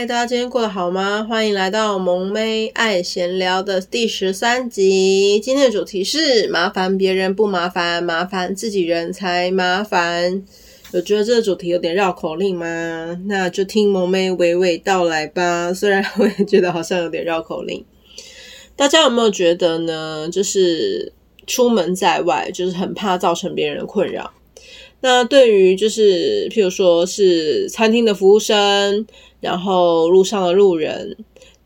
嗨，大家今天過得好嗎？歡迎來到萌咩愛閒聊的第十三集。今天的主題是麻煩別人不麻煩，麻煩自己人才麻煩。有覺得這個主題有點繞口令嗎？那就聽萌咩娓娓道來吧。雖然我也覺得好像有點繞口令。大家有沒有覺得呢？就是出門在外，就是很怕造成別人的困擾。那對於就是，譬如說是餐廳的服務生，然後路上的路人，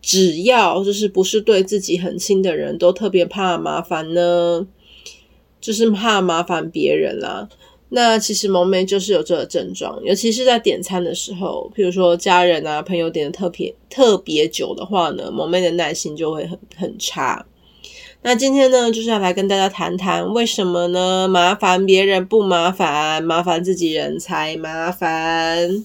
只要就是不是對自己很親的人，都特別怕麻煩呢，就是怕麻煩別人啦、啊。那其實萌咩就是有這個症狀，尤其是在點餐的時候，譬如說家人啊、朋友點的特別特別久的話呢，萌咩的耐心就會很很差。那今天呢，就是要來跟大家談談為什麼呢？麻煩別人不麻煩，麻煩自己人才麻煩。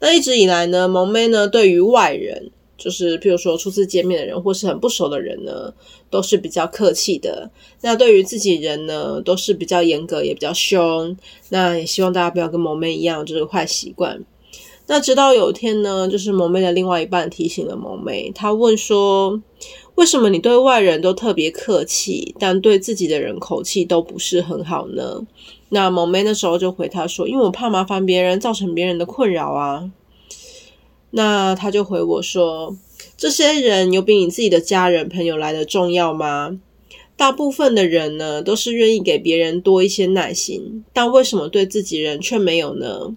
那一直以來呢，萌咩呢對於外人，就是譬如說初次見面的人或是很不熟的人呢，都是比較客氣的。那對於自己人呢，都是比較嚴格，也比較兇。那也希望大家不要跟萌咩一樣，就是壞習慣。那直到有一天呢，就是萌咩的另外一半提醒了萌咩，他問說，為什麼你對外人都特別客氣，但對自己的人口氣都不是很好呢？那萌咩那時候就回他說：“因為我怕麻煩別人，造成別人的困擾啊。”那他就回我說：“這些人有比你自己的家人朋友來得重要嗎？大部分的人呢，都是願意給別人多一些耐心，但為什麼對自己人卻沒有呢？”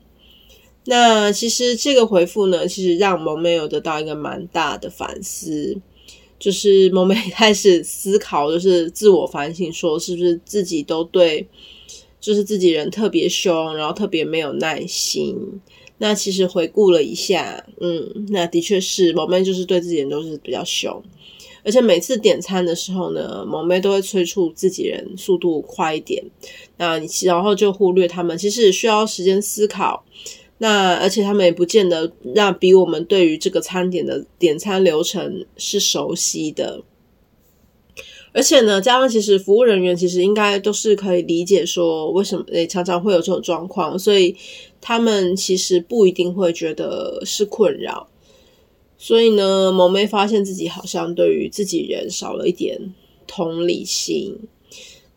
那其實這個回覆呢，其實讓萌咩有得到一個蠻大的反思。就是萌咩開始思考，就是自我反省，說是不是自己都對，就是自己人特別兇，然後特別沒有耐心。那其實回顧了一下，嗯，那的確是萌咩就是對自己人都是比較兇，而且每次點餐的時候呢，萌咩都會催促自己人速度快一點，那你然後就忽略他們，其實需要時間思考。那而且他們也不見得那比我們對於這個餐點的點餐流程是熟悉的，而且呢，加上其實服務人員其實應該都是可以理解說為什麼也、欸、常常會有這種狀況，所以他們其實不一定會覺得是困擾。所以呢，萌咩發現自己好像對於自己人少了一點同理心。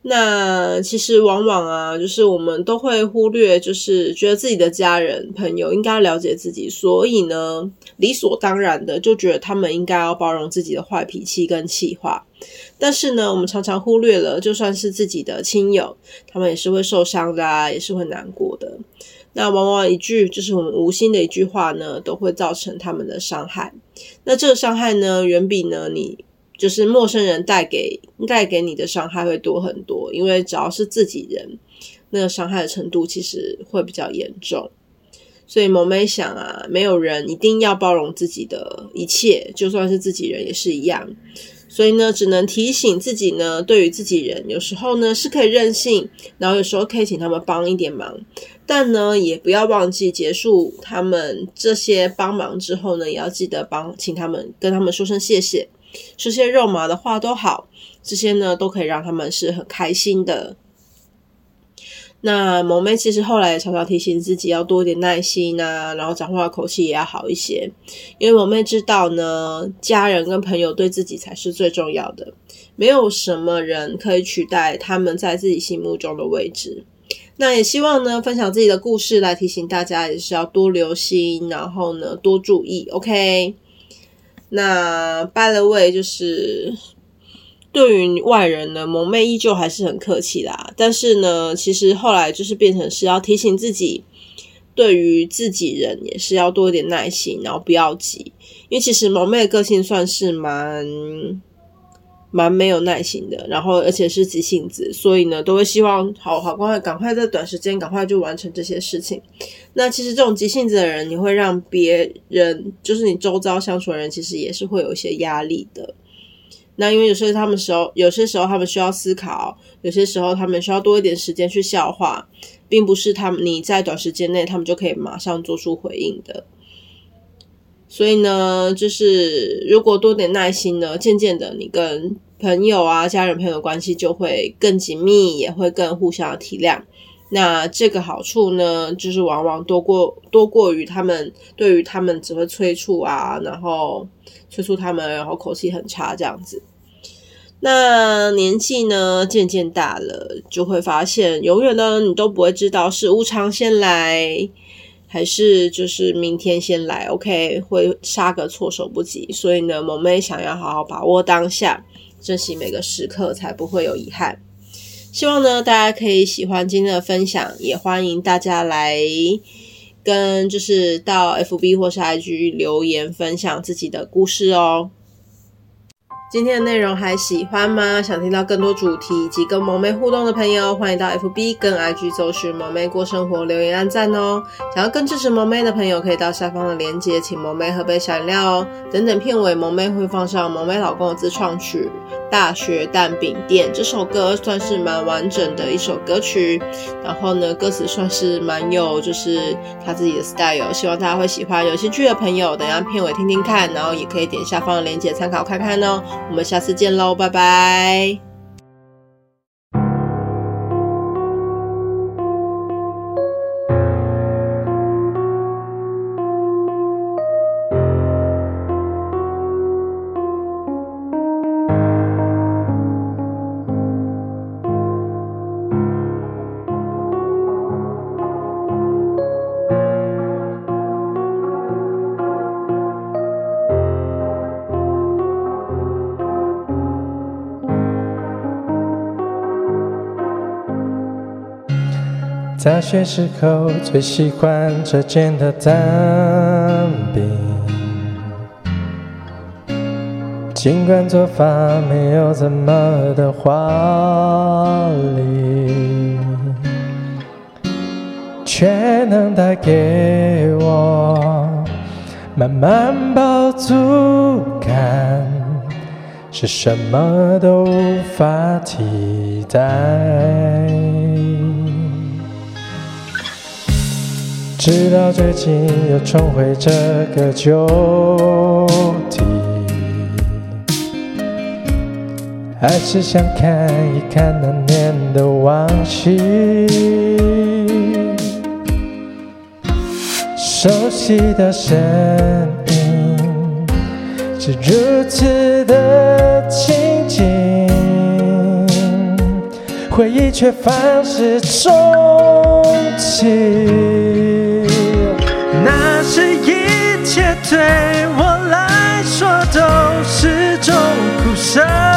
那其實往往啊，就是我們都會忽略，就是覺得自己的家人朋友應該了解自己，所以呢，理所當然的就覺得他們應該要包容自己的壞脾氣跟氣話。但是呢，我們常常忽略了，就算是自己的親友，他們也是會受傷的啊，也是會難過的。那往往一句就是我們無心的一句話呢，都會造成他們的傷害。那這個傷害呢，遠比呢你。就是陌生人帶給帶給你的傷害會多很多，因為只要是自己人，那個傷害的程度其實會比較嚴重。所以萌咩想啊，沒有人一定要包容自己的一切，就算是自己人也是一樣。所以呢，只能提醒自己呢，對於自己人，有時候呢是可以任性，然後有時候可以請他們幫一點忙，但呢，也不要忘記結束他們這些幫忙之後呢，也要記得幫請他們跟他們說聲謝謝。說些肉麻的話都好，這些呢都可以讓他們是很開心的。那萌咩其實後來也常常提醒自己要多一點耐心啊，然後講話的口氣也要好一些，因為萌咩知道呢，家人跟朋友對自己才是最重要的，沒有什麼人可以取代他們在自己心目中的位置。那也希望呢，分享自己的故事來提醒大家，也是要多留心，然後呢多注意，OK。那，by the way，就是對於外人呢，萌咩依舊還是很客氣啦。但是呢，其實後來就是變成是要提醒自己，對於自己人也是要多一點耐心，然後不要急，因為其實萌咩的個性算是蠻蠻沒有耐心的，然後而且是急性子，所以呢都會希望好好趕快趕快在短時間趕快就完成這些事情。那其實這種急性子的人，你會讓別人，就是你周遭相處的人，其實也是會有一些壓力的。那因為有些他們時候，有些時候他們需要思考，有些時候他們需要多一點時間去消化，並不是他們你在短時間內他們就可以馬上做出回應的。所以呢，就是如果多點耐心呢，漸漸的，你跟朋友啊、家人、朋友關係就會更緊密，也會更互相的體諒。那這個好處呢，就是往往多過多過於他們，對於他們只會催促啊，然後催促他們，然後口氣很差這樣子。那年紀呢，漸漸大了，就會發現，永遠呢你都不會知道是無常先來，還是就是明天先來，OK，會殺個措手不及。所以呢，萌咩想要好好把握當下，珍惜每個時刻，才不會有遺憾。希望呢，大家可以喜歡今天的分享，也歡迎大家來跟就是到 FB 或是 IG 留言分享自己的故事哦。今天的內容還喜歡嗎？想聽到更多主題以及跟萌咩互動的朋友，歡迎到 FB 跟 IG 搜尋萌咩過生活，留言按讚哦、喔。想要更支持萌咩的朋友，可以到下方的鏈接請萌咩喝杯小飲料哦、喔。等等片尾，萌咩會放上萌咩老公的自創曲《大學蛋餅店》這首歌，算是蠻完整的一首歌曲。然後呢，歌詞算是蠻有就是他自己的 style，、喔、希望大家會喜歡。有興趣的朋友，等一下片尾聽聽看，然後也可以點下方的鏈接參考看看哦、喔。我們下次見嘍，拜拜。大學時候最喜歡吃的蛋餅，儘管做法沒有怎麼的華麗，卻能帶給我滿滿飽足感，是什麼都無法替代。直到最近又重回這個舊地，還是想看一看那年的往昔。熟悉的身影是如此的親近，回憶卻反是中跡。那是一切，對我來說都是種苦澀。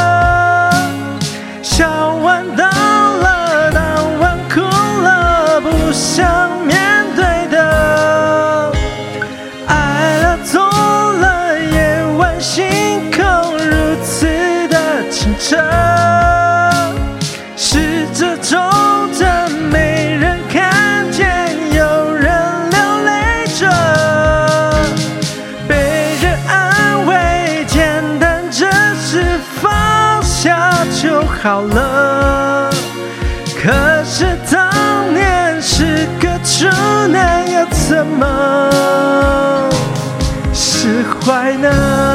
好了，可是當年是個處男，又怎麼釋懷呢？